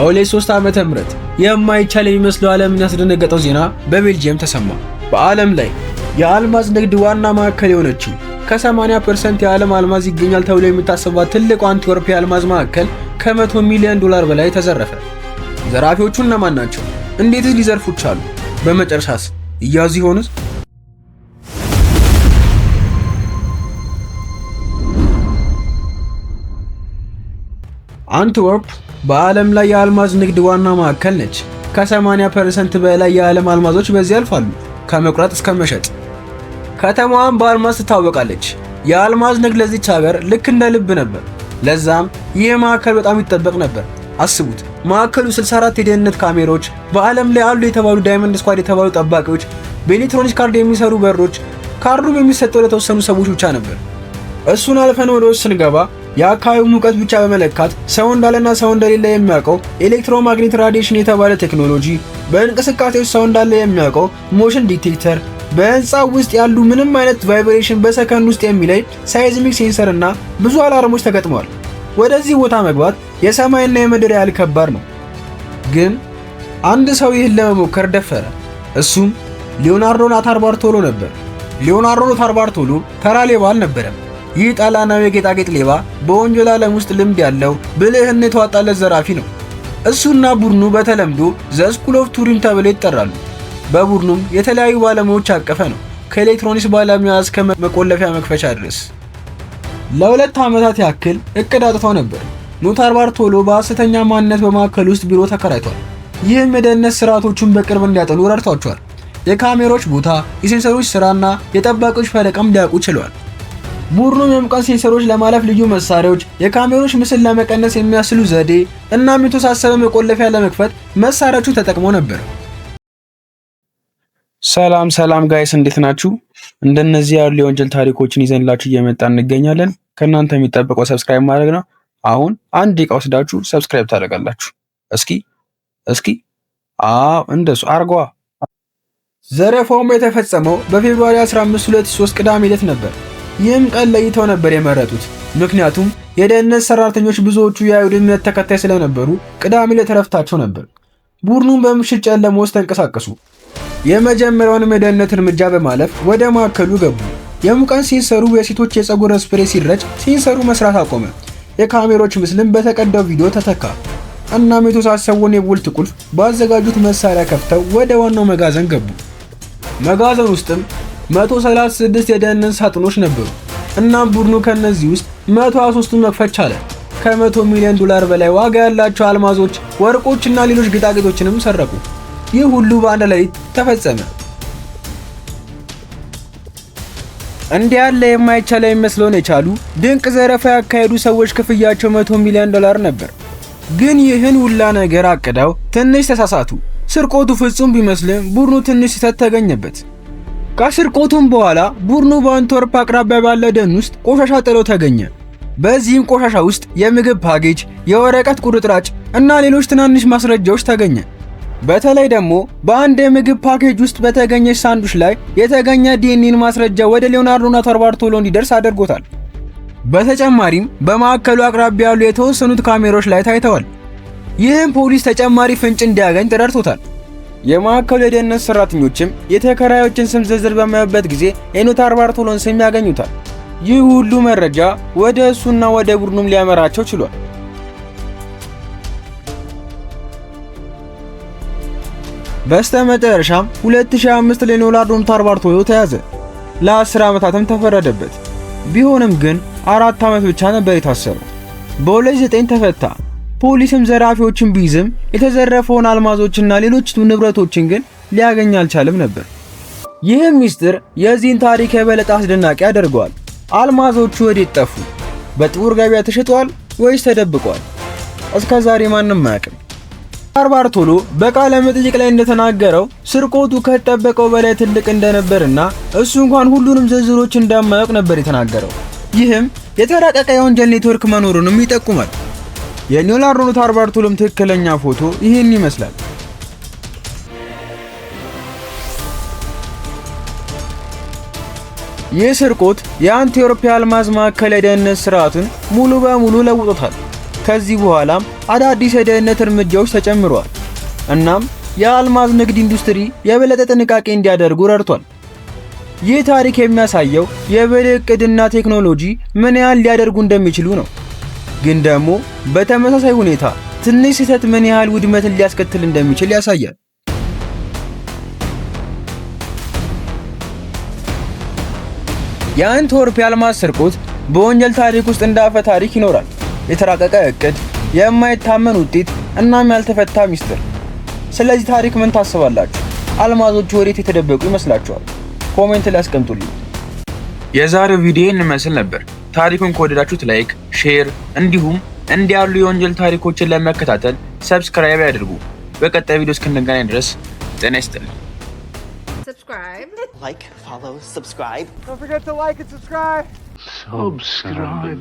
በ2003 ዓመተ ምህረት የማይቻል የሚመስለው ዓለምን ያስደነገጠው ዜና በቤልጅየም ተሰማ። በዓለም ላይ የአልማዝ ንግድ ዋና ማዕከል የሆነችው ከ80% የዓለም አልማዝ ይገኛል ተብሎ የሚታሰባት ትልቁ አንትወርፕ የአልማዝ ማዕከል ከ100 ሚሊዮን ዶላር በላይ ተዘረፈ። ዘራፊዎቹ እነማን ናቸው? እንዴትስ ሊዘርፉ ቻሉ? በመጨረሻስ እያዙ ይሆኑስ? አንትወርፕ በዓለም ላይ የአልማዝ ንግድ ዋና ማዕከል ነች። ከ80 ፐርሰንት በላይ የዓለም አልማዞች በዚህ ያልፋሉ፣ ከመቁረጥ እስከ መሸጥ። ከተማዋን በአልማዝ ትታወቃለች። የአልማዝ ንግድ ለዚች ሀገር ልክ እንደ ልብ ነበር። ለዛም ይህ ማዕከል በጣም ይጠበቅ ነበር። አስቡት ማዕከሉ 64 የደህንነት ካሜራዎች፣ በዓለም ላይ አሉ የተባሉ ዳይመንድ ስኳድ የተባሉ ጠባቂዎች፣ በኤሌክትሮኒክ ካርድ የሚሰሩ በሮች፣ ካርዱም የሚሰጠው ለተወሰኑ ሰዎች ብቻ ነበር። እሱን አልፈን ወደ ውስጥ ስንገባ የአካባቢው ሙቀት ብቻ በመለካት ሰው እንዳለና ሰው እንደሌለ የሚያውቀው ኤሌክትሮማግኔት ራዲሽን የተባለ ቴክኖሎጂ፣ ውስጥ ሰው እንዳለ የሚያውቀው ሞሽን ዲቴክተር፣ በህንፃ ውስጥ ያሉ ምንም አይነት ቫይብሬሽን በሰከንድ ውስጥ የሚለይ ሳይዝሚክ ሴንሰር እና ብዙ አላርሞች ተገጥመዋል። ወደዚህ ቦታ መግባት የሰማይና የምድር ያህል ከባድ ነው። ግን አንድ ሰው ይህን ለመሞከር ደፈረ። እሱም ሊዮናርዶ ናታርባርቶሎ ነበር። ሊዮናርዶ ናታርባርቶሎ ተራሌባል ተራ ሌባ አልነበረም። ይህ ጣሊያናዊ የጌጣጌጥ ሌባ በወንጀል ዓለም ውስጥ ልምድ ያለው ብልህን የተዋጣለት ዘራፊ ነው። እሱና ቡድኑ በተለምዶ ዘ ስኩል ኦፍ ቱሪን ተብለው ይጠራሉ። በቡድኑም የተለያዩ ባለሙያዎች ያቀፈ ነው፣ ከኤሌክትሮኒክስ ባለሙያ እስከ መቆለፊያ መክፈቻ ድረስ። ለሁለት ዓመታት ያክል እቅድ አጥተው ነበር። ኖታር ባርቶሎ በሐሰተኛ ማንነት በማዕከል ውስጥ ቢሮ ተከራይቷል። ይህም የደህንነት ስርዓቶቹን በቅርብ እንዲያጠኑ ረድቷቸዋል። የካሜሮች ቦታ፣ የሴንሰሮች ስራና የጠባቂዎች ፈለቃም ሊያውቁ ችለዋል። ቡድኑም የሙቀት ሴንሰሮች ለማለፍ ልዩ መሳሪያዎች፣ የካሜሮች ምስል ለመቀነስ የሚያስችሉ ዘዴ እናም የተወሳሰበ መቆለፊያ ለመክፈት መሳሪያዎቹ ተጠቅሞ ነበር። ሰላም ሰላም ጋይስ እንዴት ናችሁ? እንደነዚህ ያሉ የወንጀል ታሪኮችን ይዘንላችሁ እየመጣ እንገኛለን። ከእናንተ የሚጠበቀው ሰብስክራይብ ማድረግ ነው። አሁን አንድ ደቂቃ ወስዳችሁ ሰብስክራይብ ታደርጋላችሁ። እስኪ እስኪ አዎ እንደሱ አርጓ። ዘረፋውም የተፈጸመው በፌብሩዋሪ 15 2003 ቅዳሜ ዕለት ነበር። ይህም ቀን ለይተው ነበር የመረጡት። ምክንያቱም የደህንነት ሰራተኞች ብዙዎቹ የአይሁድ እምነት ተከታይ ስለነበሩ ቅዳሜ ዕለት ነበር። ቡድኑን በምሽት ጨለማ ውስጥ ተንቀሳቀሱ። የመጀመሪያውንም የደህንነት እርምጃ በማለፍ ወደ ማዕከሉ ገቡ። የሙቀን ሴንሰሩ የሴቶች የፀጉር ስፕሬ ሲረጭ ሴንሰሩ መስራት አቆመ። የካሜሮች ምስልም በተቀዳው ቪዲዮ ተተካ። እናም የተወሳሰበውን የቦልት ቁልፍ ባዘጋጁት መሳሪያ ከፍተው ወደ ዋናው መጋዘን ገቡ። መጋዘን ውስጥም 136 የደህንነት ሳጥኖች ነበሩ። እናም ቡድኑ ከነዚህ ውስጥ 123ቱን መክፈት ቻለ። ከ100 ሚሊዮን ዶላር በላይ ዋጋ ያላቸው አልማዞች፣ ወርቆችና ሌሎች ጌጣጌጦችንም ሰረቁ። ይህ ሁሉ በአንድ ላይ ተፈጸመ። እንዲህ ያለ የማይቻል የሚመስለውን የቻሉ ድንቅ ዘረፋ ያካሄዱ ሰዎች ክፍያቸው 100 ሚሊዮን ዶላር ነበር። ግን ይህን ሁላ ነገር አቅደው ትንሽ ተሳሳቱ። ስርቆቱ ፍጹም ቢመስልም ቡድኑ ትንሽ ስህተት ተገኘበት። ከስርቆቱም በኋላ ቡድኑ በአንትወርፕ አቅራቢያ ባለ ደን ውስጥ ቆሻሻ ጥሎ ተገኘ። በዚህም ቆሻሻ ውስጥ የምግብ ፓኬጅ፣ የወረቀት ቁርጥራጭ እና ሌሎች ትናንሽ ማስረጃዎች ተገኘ። በተለይ ደግሞ በአንድ የምግብ ፓኬጅ ውስጥ በተገኘ ሳንዱች ላይ የተገኘ ዲኤንኤ ማስረጃ ወደ ሊዮናርዶና ተርባርቶሎ እንዲደርስ አድርጎታል። በተጨማሪም በማዕከሉ አቅራቢያ ያሉ የተወሰኑት ካሜራዎች ላይ ታይተዋል። ይህም ፖሊስ ተጨማሪ ፍንጭ እንዲያገኝ ተረድቶታል። የማዕከሉ የደህንነት ሰራተኞችም የተከራዮችን ስም ዝርዝር በማዩበት ጊዜ የኖት አርባርቶሎን ስም ያገኙታል። ይህ ሁሉ መረጃ ወደ እሱና ወደ ቡድኑም ሊያመራቸው ችሏል። በስተመጨረሻም 2005 ላይ ኖላዶም ታርባርቶሎ ተያዘ። ለ10 ዓመታትም ተፈረደበት። ቢሆንም ግን አራት ዓመት ብቻ ነበር የታሰረው። በ2009 ተፈታ። ፖሊስም ዘራፊዎችን ቢይዝም የተዘረፈውን አልማዞችና ሌሎች ንብረቶችን ግን ሊያገኝ አልቻለም ነበር። ይህም ምስጢር የዚህን ታሪክ የበለጠ አስደናቂ ያደርገዋል። አልማዞቹ ወዴት ጠፉ? በጥቁር ገበያ ተሽጧል ወይስ ተደብቋል። እስከ ዛሬ ማንም አያውቅም። ቶሎ በቃለ መጠይቅ ላይ እንደተናገረው ስርቆቱ ከተጠበቀው በላይ ትልቅ እንደነበርና እሱ እንኳን ሁሉንም ዝርዝሮች እንደማያውቅ ነበር የተናገረው። ይህም የተራቀቀ የወንጀል ኔትወርክ መኖሩንም ይጠቁማል። የኒውላሮኖ ታርባርቱሉም ትክክለኛ ፎቶ ይህን ይመስላል። ይህ ስርቆት የአንቲ ዩሮፓ አልማዝ ማዕከል የደህንነት ስርዓትን ሙሉ በሙሉ ለውጦታል። ከዚህ በኋላም አዳዲስ የደህንነት እርምጃዎች ተጨምረዋል። እናም የአልማዝ ንግድ ኢንዱስትሪ የበለጠ ጥንቃቄ እንዲያደርጉ ረድቷል። ይህ ታሪክ የሚያሳየው የብልህ እቅድና ቴክኖሎጂ ምን ያህል ሊያደርጉ እንደሚችሉ ነው። ግን ደግሞ በተመሳሳይ ሁኔታ ትንሽ ስህተት ምን ያህል ውድመትን ሊያስከትል እንደሚችል ያሳያል። የአንትወርፕ የአልማዝ ስርቆት በወንጀል ታሪክ ውስጥ እንደ አፈ ታሪክ ይኖራል። የተራቀቀ እቅድ፣ የማይታመን ውጤት እናም ያልተፈታ ሚስጥር። ስለዚህ ታሪክ ምን ታስባላችሁ? አልማዞቹ ወዴት የተደበቁ ይመስላችኋል? ኮሜንት ላይ አስቀምጡልኝ። የዛሬው ቪዲዮ ይህን ነበር። ታሪኩን ከወደዳችሁት ላይክ ሼር እንዲሁም እንዲህ ያሉ የወንጀል ታሪኮችን ለመከታተል ሰብስክራይብ ያድርጉ። በቀጣይ ቪዲዮ እስክንገናኝ ድረስ ጤና ይስጥልኝ። Subscribe. Like, follow, subscribe. Don't forget to like and subscribe. Subscribe.